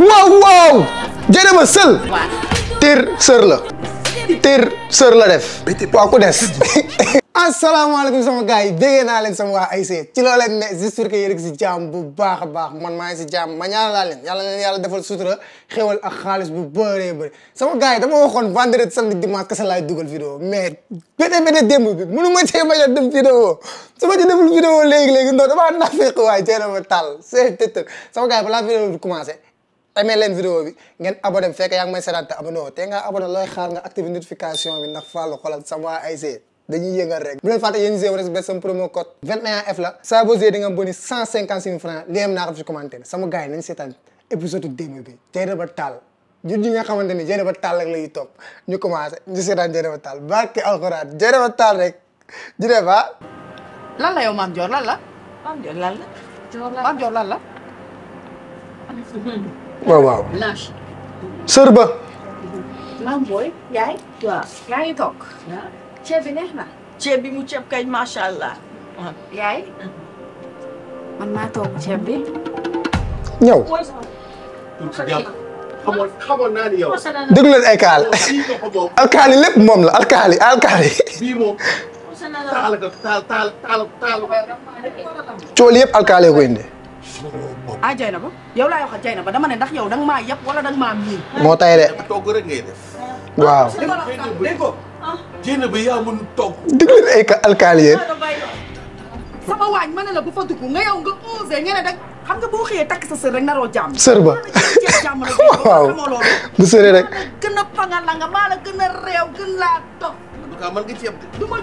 waaw waaw jërë ma sël tir sër la tir sër la def waaw ku des asalaamaaleykum sama gars yi déggee naa leen sama waa AIC ci loo leen ne j'espère que yéen a ngi si jàmm bu baax a baax man maa ngi si jàmm ma ñaanal laa leen yàlla leen yàlla defal sutura xéwal ak xaalis bu bëree bëri sama gars yi dama waxoon vendredi samedi dimanche kese laay dugal vidéo mais bété bété démb bi mënu ma cee bañ a def vidéo su ma ci deful vidéo léegi-léegi non damaa nafeq waaye jee na ma tàll c'est sama gars yi balaa vidéo commencé emee leen vidéo bi ngeen abonné bu fekkee yaa ngi may seetaan te abonné woo te nga abonné looy xaar nga activé notification bi ndax Fallou xoolal sama waa ASC dañuy yëngal rek bu leen fàtte yéen Géo Rest bet sama promo code 21 bi Dieynaba taal jur ñi nga xamante ni Dieynaba taal rek lañuy topp ñu commencé ñu seetaan Dieynaba taal barke alxuraan Dieynaba taal rek Dieynaba lan la yow maam Dior lan la la waaw waaw. naaj. booy. yaay. waaw yaa ngi toog. ceeb bi bi mu ceeb kañ macha allah. yaay. man maa togg ceeb naa ni yow. déglu alkaali lépp moom la alkaali alkaali. bii yëpp alkaali koy ah Dieynaba yow laay waxal Dieynaba dama ne ndax yow danga maa yëpp wala danga mami. miin. moo tay de. togg rek ngay def. waaw dégg ko Dieynaba yaa mën togg. déglu leen ay alkaali sama waañ yang ne la bu fa dugg nga yow nga oh, osé kan nga ne dag xam nga boo xëyee ya, takk sa sër rek naroo jàmm. sër ba waaw bu sëree rek. gën a pangal la nga maa la gën gën laa toog. waaw man nga ci yem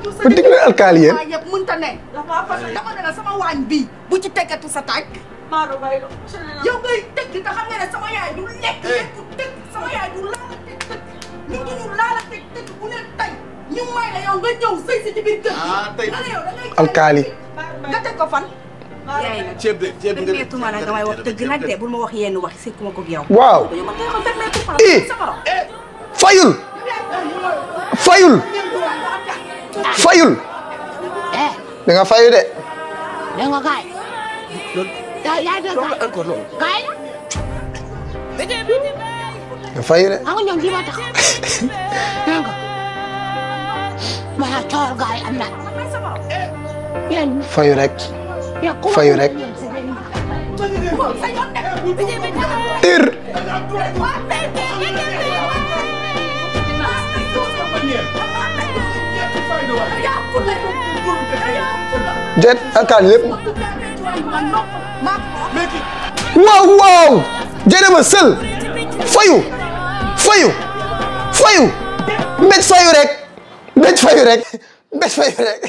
ju sa déglu alkaali yéen. mënta ne. dama ne la sama waañ bi bu ci teggatu sa tànk. Maodo Mbaye la. yow fayul. fayul. fayul. da nga fayu de. kaay yaa ngi doon encore loolu. kaay. nga fay de. maa ngi ñëw ji ma tax. dégg nga. maanaam coowal gars yi am na. yéen. fayu rek. fayu rek. ir. jet ak lépp. waaw waaw jërëma sël fayu fayu fayu mbéj fayu rek mbéj fayu rek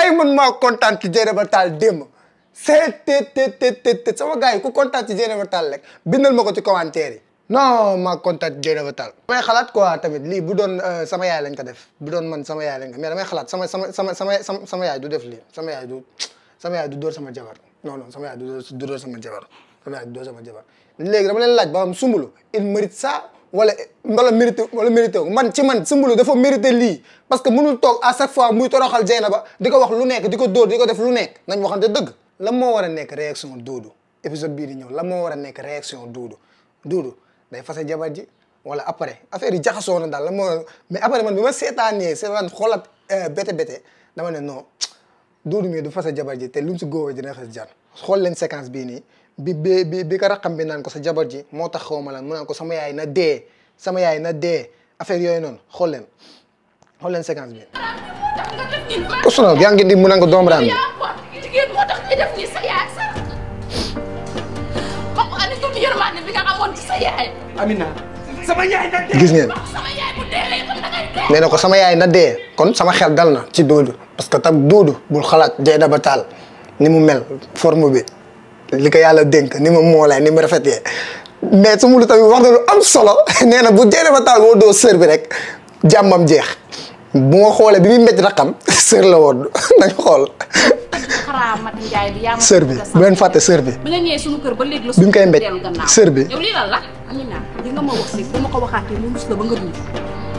ay man maa kontaan ci jërëma taal démb seet teet teet teet sama gars yi ku kontaan ci ma taal rek bindal ma ko ci commentaire yi non maa kontaan ma taal damay xalaat quoi tamit lii bu doon euh, sama yaay lañ ko def bu doon man sama yaay lañ ko mais damay xalaat sama sama sama sama sama yaay du def lii sama yaay du door sama jabar non non sama yaay du doon sama jabar sama yaay du doon sama jabar léegi dama leen laaj ba xam sumbulu il mérite ça wala wala mérité wala mérité man ci man sumbulu dafa mérité lii parce que mënul toog à chaque fois muy toroxal Jeynaba di ko wax lu nekk di ko dóor di ko def lu nekk nañ waxante dëgg lan moo war a nekk réaction Doudou épisode bii di ñëw lan moo war a nekk réaction Doudou Doudou day fase jabar ji wala après affaire yi jaxasoo na daal lan moo mais après man bi ma seetaanee seetaan xoolat euh, bété bété dama ne non doonu mi du fase jabar ji té luñ ci si dina xass jar xol leen séquence bi ni bi bi bi bi raxam bi nan ko sa jabar ji mo tax xawma lan mu ko sama yaay na dé sama yaay na dé affaire yoy non xol leen xol leen séquence bi ko sonal yaa ngi di mu nan ko dom ram bi. yaay yaay. Amina. sama yaay na dee. ko sama yaay na kon sama xel dal ci doolu parce que tam duudu bul xalaat Dieye Daba Tall ni mu mel forme bi li ko yàlla dénk ni mu moolee ni mu rafet rafetee mais su mu lu tamit wax na lu am solo nee na bu Dieye Daba Tall woo doo bi rek jàmmam jeex bu ma xoolee bi muy métti raqam sër la woon nañu xool. bi yaa bu fàtte sër bi. mu koy mbéj sër bi.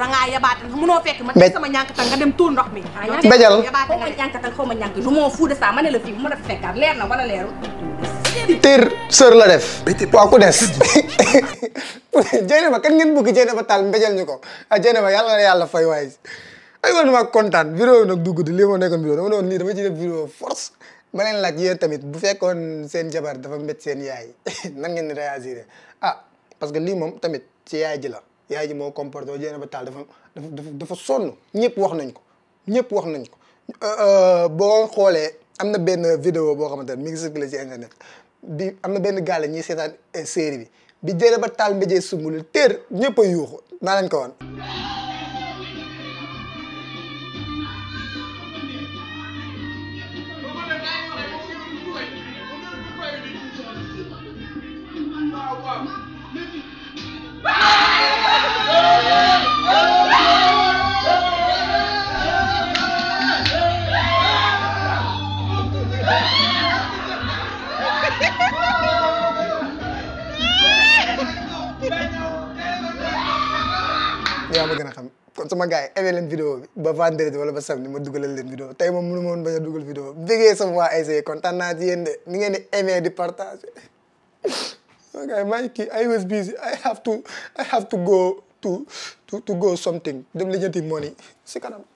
da nga yabaate mënoo fekk ma sama ñankatan nga kan dem tuur ndox mi dajal yabaate nga ñankatan xaw ma ñank du moo fuu tir seur la def waaw ku des kan ngeen bëgg jeynaba taal mbéjal ñu ko ah jeynaba yàlla la yàlla fay waay ay wala ma kontaan vidéo nag force ma leen laaj yéen ya, tamit bu fekkoon seen jabar dafa mbét seen yaay nan ngeen di ah parce que lii moom tamit ci yaay ji la yaay ji moo comporté jéena ba taal dafa dafa dafa sonn ñëpp wax nañ ko ñëpp wax nañ ko euh, euh, boo xoolee am na benn vidéo boo xamante ne mi ngi circulé ci nekk bi am na benn gaale ñuy seetaan euh, série bi bi jéena ba taal mbéjee sumbulu téer ñëpp a yuuxu naa lañ ko woon yaa ma gën a xam kon sama gars yi amee leen vidéo bi ba vendredi wala ba samedi ma dugalal leen vidéo tey moom mënu ma woon bañ dugal vidéo bégee sama waa ASC kontaan naa ci yéen de ni ngeen di aimé di partage sama gars yi maa ngi kii I was busy I have to I have to go to to go something dem li jënti money si kanam